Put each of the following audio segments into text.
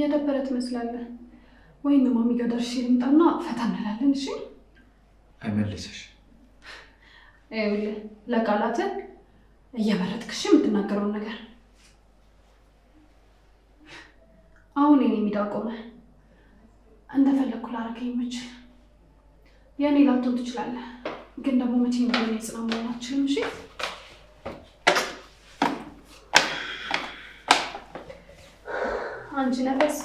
የነበረ ትመስላለህ። ወይም ማሚ ጋር ደርሼ ልምጣና ፈታ እንላለን። እሺ አይመልስሽ። ይኸውልህ ለቃላትህ እየመረጥክሽ የምትናገረውን ነገር አሁን የኔ የሚዳቆመ እንደፈለግኩ ላረገ የምችል የእኔ ላቶን ትችላለህ፣ ግን ደግሞ መቼ ቢሆን የጽናት መሆናችንም እሺ አንቺ ነፈስ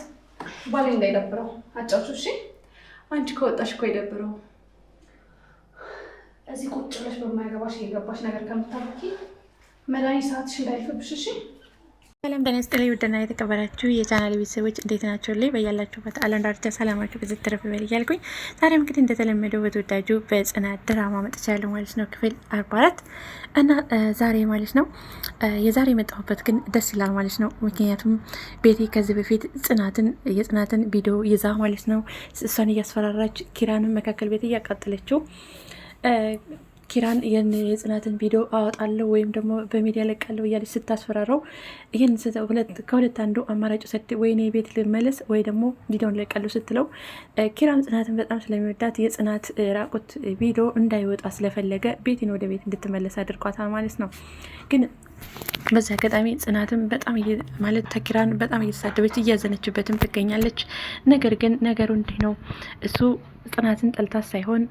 ባሌ እንዳይደብረው አጫውቹ። እሺ አንቺ ከወጣሽ እኮ ይደብረው። እዚህ ቁጭ ብለሽ በማያገባሽ የገባሽ ነገር ከምታበኪ መድኃኒት ሰዓትሽ እንዳይልፍብሽ እሺ። ሰላም ጤና ይስጥልኝ። ውድና የተከበራችሁ የቻናል ቤተሰቦች እንዴት ናቸው? ላይ በያላችሁበት ዓለም ዳርቻ ሰላማችሁ ብዙ ትረፍ ይበል እያልኩኝ ዛሬም እንግዲህ እንደተለመደው በተወዳጁ በጽናት ድራማ መጥቻለሁ ማለት ነው፣ ክፍል አርባ አራት እና ዛሬ ማለት ነው የዛሬ የመጣሁበት ግን ደስ ይላል ማለት ነው። ምክንያቱም ቤቴ ከዚህ በፊት ጽናትን የጽናትን ቪዲዮ ይዛ ማለት ነው እሷን እያስፈራራች ኪራንን መካከል ቤት እያቃጠለችው ኪራን የጽናትን ቪዲዮ አወጣለሁ ወይም ደግሞ በሚዲያ ለቃለሁ እያለች ስታስፈራረው ይህን ከሁለት አንዱ አማራጭ ሰድ ወይኔ ቤት ልመለስ ወይ ደግሞ ቪዲዮን ለቃለሁ ስትለው ኪራም ጽናትን በጣም ስለሚወዳት የጽናት ራቁት ቪዲዮ እንዳይወጣ ስለፈለገ ቤትን ወደ ቤት እንድትመለስ አድርጓታል ማለት ነው ግን በዚህ አጋጣሚ ጽናትም በጣም ማለት ተኪራን በጣም እየተሳደበች እያዘነችበትም ትገኛለች። ነገር ግን ነገሩ እንዲህ ነው እሱ ጽናትን ጠልታት ሳይሆን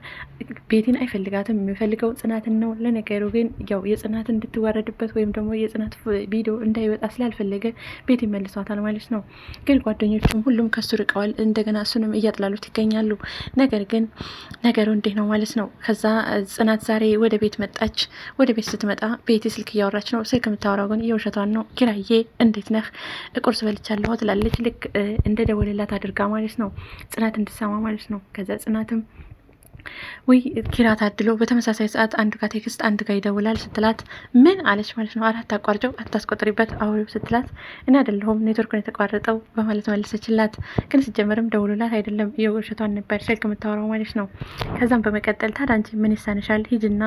ቤቲን አይፈልጋትም፣ የሚፈልገው ጽናትን ነው። ለነገሩ ግን ያው የጽናት እንድትዋረድበት ወይም ደግሞ የጽናት ቪዲዮ እንዳይወጣ ስላልፈለገ ቤት መልሷታል ማለት ነው። ግን ጓደኞቹም ሁሉም ከሱ ርቀዋል። እንደገና እሱንም እያጥላሉት ይገኛሉ። ነገር ግን ነገሩ እንዲህ ነው ማለት ነው። ከዛ ጽናት ዛሬ ወደ ቤት መጣች። ወደ ቤት ስትመጣ ቤቲ ስልክ እያወራች ነው። ስልክ የምታወራው ግን የውሸቷን ነው። ኪራዬ እንዴት ነህ? ቁርስ በልቻለሁ ትላለች። ልክ እንደ አድርጋ ማለት ነው። ጽናት እንድሰማ ማለት ነው። ከዛ ጽናትም ወይ ኪራ ታድሎ በተመሳሳይ ሰዓት አንድ ጋ ቴክስት አንድ ጋ ይደውላል ስትላት ምን አለች ማለት ነው። አራት አቋርጨው አታስቆጥሪበት አውሪው ስትላት እኔ አይደለሁም ኔትወርኩን የተቋረጠው በማለት መለሰችላት። ግን ስጀመርም ደውሉላት አይደለም የውሸቷን ነበር ስልክ የምታወራው ማለት ነው። ከዛም በመቀጠል ታዲያ አንቺ ምን ይሳንሻል ሂጅና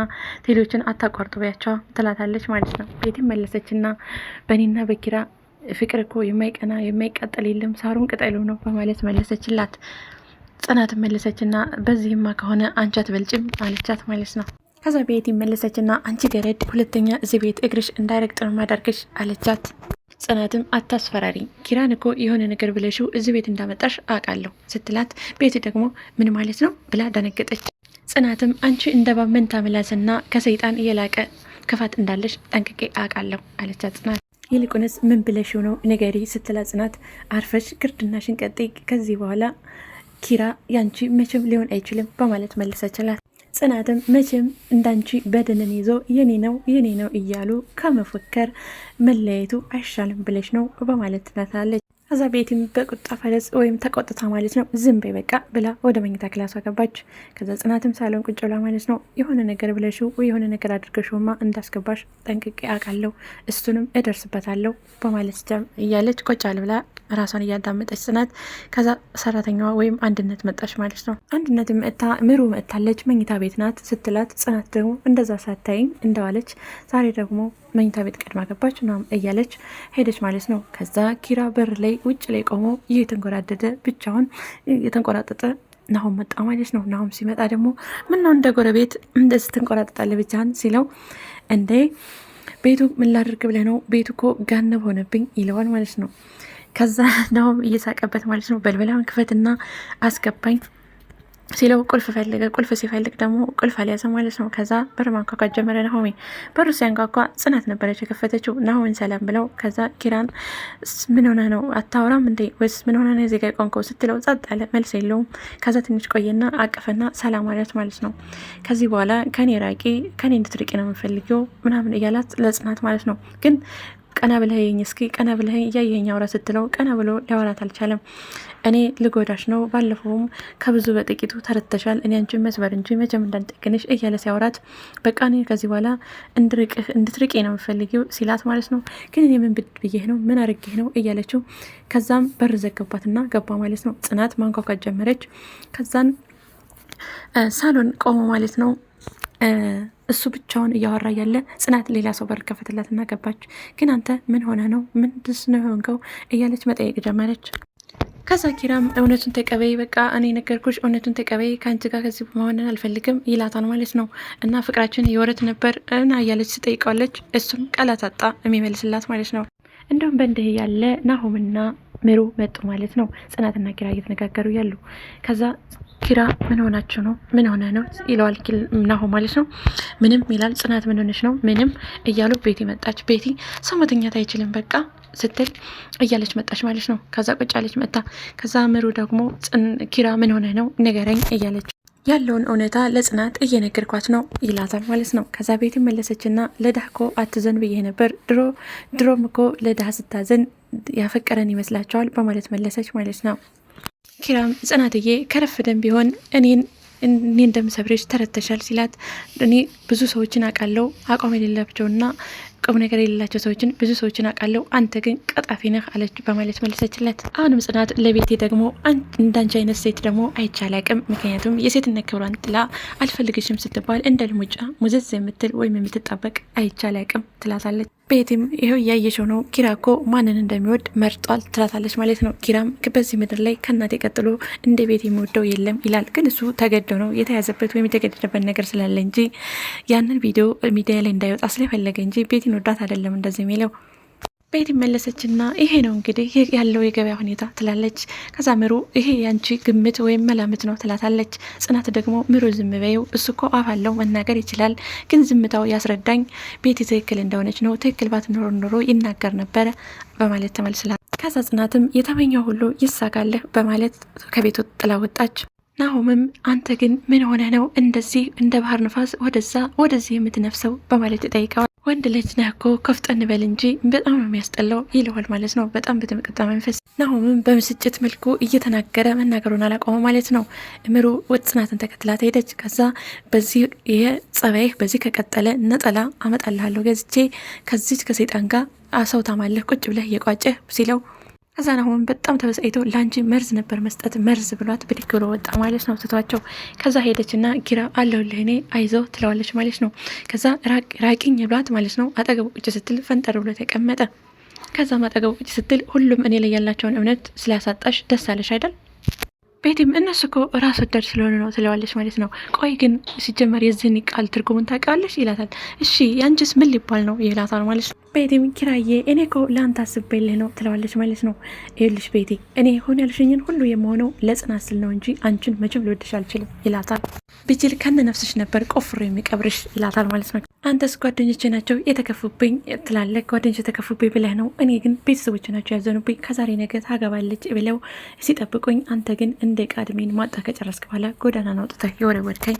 ቴሌዎችን አታቋርጡ ቢያቸዋ ትላታለች ማለት ነው። ቤትም መለሰችና በእኔና በኪራ ፍቅር እኮ የማይቀና የማይቃጠል የለም ሳሩን ቅጠሉ ነው በማለት መለሰችላት። ጽናት መለሰችና በዚህማ ከሆነ አንቺ አትበልጭም አለቻት ማለት ነው። ከዛ ቤት ይመለሰችና አንቺ ገረድ፣ ሁለተኛ እዚህ ቤት እግርሽ እንዳይረግጥ ነው ማዳርግሽ አለቻት። ጽናትም አታስፈራሪ፣ ኪራን እኮ የሆነ ነገር ብለሽው እዚህ ቤት እንዳመጣሽ አውቃለሁ ስትላት፣ ቤት ደግሞ ምን ማለት ነው ብላ ደነገጠች። ጽናትም አንቺ እንደ ባመንታ ምላስና ከሰይጣን የላቀ ክፋት እንዳለሽ ጠንቅቄ አውቃለሁ አለቻት ጽናት ይልቁንስ ምን ብለሽው ነው ንገሪ ስትላት፣ ጽናት አርፈሽ ግርድናሽን ቀጥይ ከዚህ በኋላ ኪራ ያንቺ መቼም ሊሆን አይችልም በማለት መለሰችላት። ጽናትም መቼም እንዳንቺ በደንን ይዞ የኔ ነው የኔ ነው እያሉ ከመፎከር መለያየቱ አይሻልም ብለሽ ነው በማለት ትላታለች። ከዛ ቤቲም በቁጣ ፈለስ ወይም ተቆጥታ ማለት ነው ዝም በይ በቃ ብላ ወደ መኝታ ክላሷ ገባች። ከዛ ጽናትም ሳሎን ቁጭ ብላ ማለት ነው የሆነ ነገር ብለሽው የሆነ ነገር አድርገሽውማ እንዳስገባሽ ጠንቅቄ አውቃለሁ፣ እሱንም እደርስበታለሁ በማለት እያለች ቁጭ አል ብላ ራሷን እያዳመጠች ጽናት። ከዛ ሰራተኛዋ ወይም አንድነት መጣች ማለት ነው። አንድነት መጥታ ምሩ መጥታለች መኝታ ቤት ናት ስትላት፣ ጽናት ደግሞ እንደዛ ሳታይኝ እንደዋለች ዛሬ ደግሞ መኝታ ቤት ቀድማ ገባች ናም እያለች ሄደች ማለት ነው። ከዛ ኪራ በር ላይ ውጭ ላይ ቆሞ ይህ የተንጎራደደ ብቻውን የተንቆራጠጠ ናሁም መጣ ማለት ነው። ናሁም ሲመጣ ደግሞ ምነው እንደ ጎረቤት እንደዚህ ትንቆራጠጣለ ብቻህን ሲለው እንዴ ቤቱ ምን ላድርግ ብለህ ነው? ቤቱ እኮ ጋነብ ሆነብኝ ይለዋል ማለት ነው። ከዛ ናሁም እየሳቀበት ማለት ነው። በልበላውን ክፈትና አስገባኝ ሲለው ቁልፍ ፈልገ ቁልፍ ሲፈልግ ደግሞ ቁልፍ አልያዘ ማለት ነው። ከዛ በር ማንኳኳት ጀመረ። ናሆሚ በሩ ሲያንኳኳ ጽናት ነበረች የከፈተችው። ናሆሚን ሰላም ብለው፣ ከዛ ኪራን ምን ሆነ ነው አታውራም እንዴ ወይስ ምን ሆነ ነው ዜጋ ቆንከው ስትለው ጸጥ አለ። መልስ የለውም። ከዛ ትንሽ ቆየና አቀፈና ሰላም አላት ማለት ነው። ከዚህ በኋላ ከኔ ራቂ፣ ከኔ እንድትርቂ ነው የምፈልገው ምናምን እያላት ለጽናት ማለት ነው። ግን ቀና ብለኸኝ እስኪ ቀና ብለኸኝ እያየኸኝ አውራ ስትለው ቀና ብሎ ሊያወራት አልቻለም። እኔ ልጎዳሽ ነው፣ ባለፈውም ከብዙ በጥቂቱ ተረተሻል። እኔ አንቺን መስበር እንጂ መቼም እንዳንጠግንሽ እያለ ሲያወራት፣ በቃ እኔ ከዚህ በኋላ እንድርቅህ እንድትርቄ ነው የምፈልጊው ሲላት ማለት ነው። ግን እኔ ምን ብድ ብዬህ ነው ምን አርጌህ ነው እያለችው፣ ከዛም በር ዘገባትና ገባ ማለት ነው። ጽናት ማንኳኳት ጀመረች። ከዛን ሳሎን ቆሞ ማለት ነው እሱ ብቻውን እያወራ ያለ ጽናት ሌላ ሰው በር ከፈተላትና ገባች። ግን አንተ ምን ሆነ ነው ምን ድስ ነው የሆንከው እያለች መጠየቅ ጀመረች። ከዛ ኪራም እውነቱን ተቀበይ፣ በቃ እኔ ነገርኩሽ፣ እውነቱን ተቀበይ፣ ከአንቺ ጋር ከዚህ መሆንን አልፈልግም ይላታል ማለት ነው። እና ፍቅራችን የወረት ነበር እና እያለች ትጠይቀዋለች። እሱም ቃላት አጣ የሚመልስላት ማለት ነው። እንደውም በእንዲህ ያለ ናሆምና ምሩ መጡ ማለት ነው። ጽናትና ኪራ እየተነጋገሩ ያሉ ከዛ ኪራ ምን ሆናችሁ ነው? ምን ሆነ ነው ይለዋል ናሆ ማለት ነው። ምንም ይላል። ጽናት ምን ሆነች ነው? ምንም እያሉ ቤቲ መጣች። ቤቲ ሰው መተኛት አይችልም በቃ ስትል እያለች መጣች ማለት ነው። ከዛ ቁጭ ያለች መጣ። ከዛ ምሩ ደግሞ ኪራ ምን ሆነ ነው ንገረኝ እያለች ያለውን እውነታ ለጽናት እየነገርኳት ነው ይላታል ማለት ነው። ከዛ ቤት መለሰችና ለድሃ እኮ አትዘን ብዬ ነበር ድሮ ድሮም እኮ ለዳህ ስታዘን ያፈቀረን ይመስላቸዋል በማለት መለሰች ማለት ነው። ኪራም ጽናትዬ ከረፈደም ቢሆን እኔን እኔ እንደምሰብሬች ተረተሻል ሲላት፣ እኔ ብዙ ሰዎችን አውቃለሁ አቋም የሌላቸውና ቁም ነገር የሌላቸው ሰዎችን ብዙ ሰዎችን አውቃለሁ፣ አንተ ግን ቀጣፊ ነህ አለች በማለት መለሰችለት። አሁንም ጽናት ለቤቴ ደግሞ እንዳንቺ አይነት ሴት ደግሞ አይቻል አቅም ምክንያቱም የሴትነት ክብሯን ጥላ አልፈልግሽም ስትባል እንደ ልሙጫ ሙዘዝ የምትል ወይም የምትጣበቅ አይቻል አቅም ትላታለች። ቤትም ይኸው እያየችው ነው። ኪራ እኮ ማንን እንደሚወድ መርጧል ትላታለች ማለት ነው። ኪራም በዚህ ምድር ላይ ከእናቴ ቀጥሎ እንደ ቤት የሚወደው የለም ይላል። ግን እሱ ተገዶ ነው የተያዘበት ወይም የተገደደበት ነገር ስላለ እንጂ ያንን ቪዲዮ ሚዲያ ላይ እንዳይወጣ ስለፈለገ እንጂ ቤትን ወዳት አይደለም እንደዚህ የሚለው ቤት መለሰችና ይሄ ነው እንግዲህ ያለው የገበያ ሁኔታ ትላለች። ከዛ ምሩ ይሄ ያንቺ ግምት ወይም መላምት ነው ትላታለች። ጽናት ደግሞ ምሩ ዝም በይው፣ እሱ እኮ አፍ አለው መናገር ይችላል፣ ግን ዝምታው ያስረዳኝ ቤቲ ትክክል እንደሆነች ነው። ትክክል ባትኖር ኖሮ ይናገር ነበረ በማለት ተመልስላል። ከዛ ጽናትም የተመኘው ሁሉ ይሳካልህ በማለት ከቤቱ ጥላ ወጣች። ናሆምም አንተ ግን ምን ሆነ ነው እንደዚህ እንደ ባህር ንፋስ ወደዛ ወደዚህ የምትነፍሰው በማለት ይጠይቀዋል። ወንድ ልጅ ነህ እኮ ከፍጠን በል እንጂ በጣም ነው የሚያስጠላው ይለዋል ማለት ነው። በጣም በተመቀጣ መንፈስ ናሆምም በምስጭት መልኩ እየተናገረ መናገሩን አላቆመ ማለት ነው። እምሩ ጽናትን ተከትላት ሄደች። ከዛ በዚህ ይሄ ጸባይህ በዚህ ከቀጠለ ነጠላ አመጣልሃለሁ ገዝቼ ከዚች ከሴጣን ጋር አሰውታማለህ ቁጭ ብለህ እየቋጨህ ሲለው ከዛ ናሆም በጣም ተበሳይቶ ለአንቺ መርዝ ነበር መስጠት መርዝ ብሏት ብድግ ብሎ ወጣ ማለት ነው ትቷቸው። ከዛ ሄደች ና ጊራ አለሁልህ እኔ አይዞህ ትለዋለች ማለት ነው። ከዛ ራቂኝ ብሏት ማለት ነው አጠገቡ ቁጭ ስትል ፈንጠር ብሎ ተቀመጠ። ከዛም አጠገቡ ቁጭ ስትል ሁሉም እኔ ላይ ያላቸውን እምነት ስላሳጣሽ ደስ አለሽ አይደል ቤቲም እነሱ እኮ ራስ ወዳድ ስለሆኑ ነው ትለዋለች ማለት ነው። ቆይ ግን ሲጀመር የዚህን ቃል ትርጉሙን ታውቃለች ይላታል። እሺ ያንቺስ ምን ሊባል ነው ይላታል ማለት ነው። ቤቲም ኪራዬ እኔ እኮ ለአንተ አስቤልህ ነው ትለዋለች ማለት ነው። ይኸውልሽ ቤቲ እኔ ሆን ያልሽኝን ሁሉ የመሆነው ለጽናት ስል ነው እንጂ አንቺን መቼም ልወድሽ አልችልም ይላታል። ብችል ከነ ነፍስሽ ነበር ቆፍሮ የሚቀብርሽ ይላታል ማለት ነው። አንተስ ጓደኞች ናቸው የተከፉብኝ ትላለህ። ጓደኞች የተከፉብኝ ብለህ ነው። እኔ ግን ቤተሰቦች ናቸው ያዘኑብኝ። ከዛሬ ነገ ታገባለች ብለው ሲጠብቁኝ፣ አንተ ግን እንደ ቃድሜን ማጣ ከጨረስክ በኋላ ጎዳና አውጥተህ የወረወድከኝ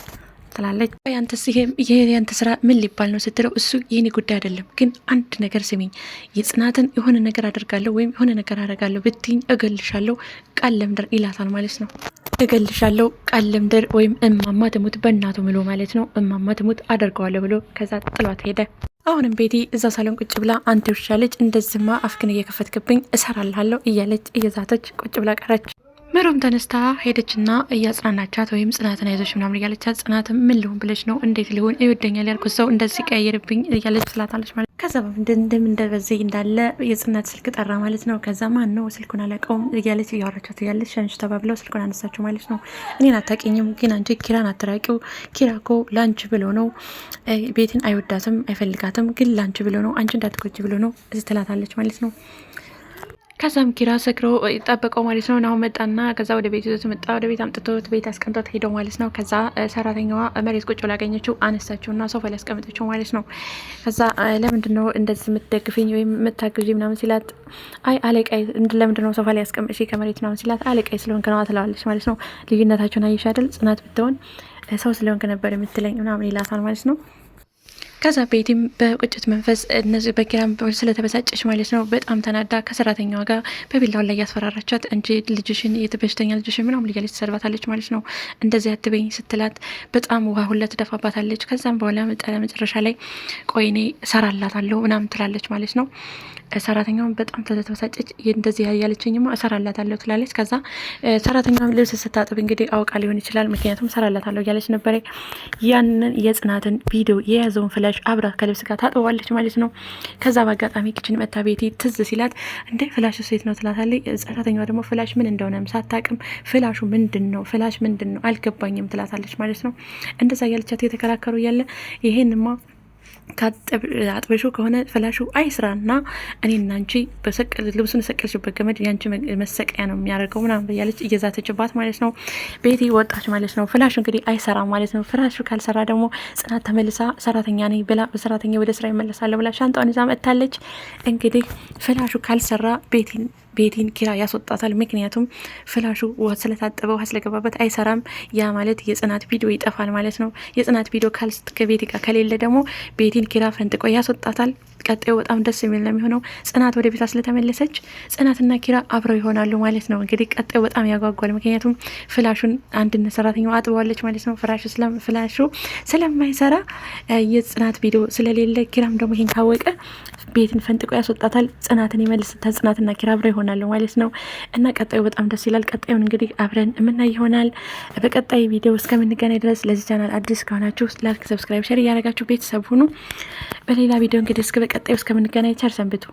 ትላለች። ያንተስ ይሄ ያንተ ስራ ምን ሊባል ነው ስትለው፣ እሱ የኔ ጉዳይ አይደለም፣ ግን አንድ ነገር ስሚኝ፣ የጽናትን የሆነ ነገር አደርጋለሁ ወይም የሆነ ነገር አደርጋለሁ ብትኝ እገልሻለሁ ቃል ለምድር ይላታል ማለት ነው። እገልሻለሁ ቃል ልምድር ወይም እማማ ትሙት በእናቱ ምሎ ማለት ነው። እማማ ትሙት አደርገዋለሁ ብሎ ከዛ ጥሏት ሄደ። አሁንም ቤቲ እዛ ሳሎን ቁጭ ብላ አንተ ውሻ ልጅ እንደዚህማ አፍክን እየከፈትክብኝ እሰራልሃለሁ እያለች እየዛተች ቁጭ ብላ ቀረች። ምሩም ተነስታ ሄደችና እያጽናናቻት ወይም ጽናትን አይዞሽ ምናምን እያለቻት ጽናትም ምን ልሁን ብለች ነው እንዴት ሊሆን ይወደኛል ያልኩት ሰው እንደዚህ ቀያየርብኝ እያለች ስላታለች ማለት ከዛ እንደም እንደበዘይ እንዳለ የጽናት ስልክ ጠራ ማለት ነው። ከዛ ማን ነው ስልኩን አለቀውም እያለች እያወራቻት እያለች ሸንሽ ተባብለው ስልኩን አነሳቸው ማለት ነው። እኔን አታውቂኝም ግን አንቺ ኪራን አትራቂው። ኪራ እኮ ለአንቺ ብሎ ነው ቤትን አይወዳትም አይፈልጋትም፣ ግን ለአንቺ ብሎ ነው አንቺ እንዳትጎጂ ብሎ ነው እዚህ ትላታለች ማለት ነው። ከዛም ኪራ ሰክሮ ጠበቀው ማለት ነው። ናሁን መጣና ከዛ ወደ ቤት ይዞት መጣ። ወደ ቤት አምጥቶት ቤት አስቀምጦት ሄደው ማለት ነው። ከዛ ሰራተኛዋ መሬት ቁጭ ብላ አገኘችው፣ አነሳችው እና ሶፋ ላይ አስቀምጠችው ማለት ነው። ከዛ ለምንድን ነው እንደዚህ የምትደግፍኝ ወይም የምታግዢ ምናምን ሲላት አይ አለቃይ ለምንድን ነው ሶፋ ላይ ያስቀምጥሽ ከመሬት ምናምን ሲላት አለቃይ ስለሆንክ ነዋ ትለዋለች ማለት ነው። ልዩነታቸውን አየሽ አይደል? ጽናት ብትሆን ሰው ስለሆንክ ነበር የምትለኝ ምናምን ይላታል ማለት ነው። ከዛ ቤቲም በቁጭት መንፈስ እነዚህ በኪራም ስለተበሳጨች ማለት ነው በጣም ተናዳ ከሰራተኛዋ ጋር በቢላው ላይ ያስፈራራቻት እንጂ ልጅሽን የበሽተኛ ልጅሽን ምናምን እያለች ትሰድባታለች ማለት ነው። እንደዚህ አትበኝ ስትላት በጣም ውሃ ሁለት ደፋባታለች። ከዛም በኋላ መጨረሻ ላይ ቆይኔ ሰራላታለሁ ምናምን ትላለች ማለት ነው። ሰራተኛውን በጣም ተተሳጨች። እንደዚህ ያለችኝማ እሰራላታለሁ ትላለች። ከዛ ሰራተኛውን ልብስ ስታጥብ እንግዲህ አውቃ ሊሆን ይችላል፣ ምክንያቱም እሰራላታለሁ እያለች ነበረ። ያንን የጽናትን ቪዲዮ የያዘውን ፍላሽ አብራ ከልብስ ጋር ታጥበዋለች ማለት ነው። ከዛ በአጋጣሚ ኪችን መታ ቤቲ ትዝ ሲላት እንደ ፍላሽ ሴት ነው ትላታለች። ሰራተኛዋ ደግሞ ፍላሽ ምን እንደሆነ ሳታቅም ፍላሹ ምንድን ነው ፍላሽ ምንድን ነው አልገባኝም ትላታለች ማለት ነው። እንደዛ ያለቻት የተከራከሩ ያለ ይሄንማ አጥበሹ ከሆነ ፈላሹ አይስራና እኔና አንቺ ልብሱን የሰቀልሽበት ገመድ ያንቺ መሰቀያ ነው የሚያደርገው ምናምን እያለች እየዛተችባት ማለት ነው። ቤቲ ወጣች ማለት ነው። ፍላሹ እንግዲህ አይሰራ ማለት ነው። ፍላሹ ካልሰራ ደግሞ ጽናት ተመልሳ ሰራተኛ ነኝ ብላ በሰራተኛ ወደ ስራ ይመለሳለሁ ብላ ሻንጣውን ይዛ መጥታለች። እንግዲህ ፍላሹ ካልሰራ ቤቲ ቤቲን ኪራ ያስወጣታል። ምክንያቱም ፍላሹ ስለታጠበ ውሃ ስለገባበት አይሰራም። ያ ማለት የጽናት ቪዲዮ ይጠፋል ማለት ነው። የጽናት ቪዲዮ ከቤቲ ጋር ከሌለ ደግሞ ቤቲን ኪራ ፈንጥቆ ያስወጣታል። ቀጣዩ በጣም ደስ የሚል ነው የሚሆነው። ጽናት ወደ ቤቷ ስለተመለሰች ጽናትና ኪራ አብረው ይሆናሉ ማለት ነው። እንግዲህ ቀጣዩ በጣም ያጓጓል። ምክንያቱም ፍላሹን አንድነት ሰራተኛው አጥበዋለች ማለት ነው። ፍራሹ ፍላሹ ስለማይሰራ የጽናት ቪዲዮ ስለሌለ ኪራም ደግሞ ይህን ካወቀ ቤትን ፈንጥቆ ያስወጣታል። ጽናትን ይመልስታል። ጽናትና ኪራ አብረው ይሆናሉ ማለት ነው እና ቀጣዩ በጣም ደስ ይላል። ቀጣዩን እንግዲህ አብረን የምናይ ይሆናል። በቀጣይ ቪዲዮ እስከምንገናኝ ድረስ ለዚህ ቻናል አዲስ ከሆናችሁ ላይክ፣ ሰብስክራይብ፣ ሸር እያደረጋችሁ ቤተሰብ ሁኑ። በሌላ ቪዲዮ እንግዲህ በቀጣዩ እስከምንገናኝ ቸር ሰንብቱ።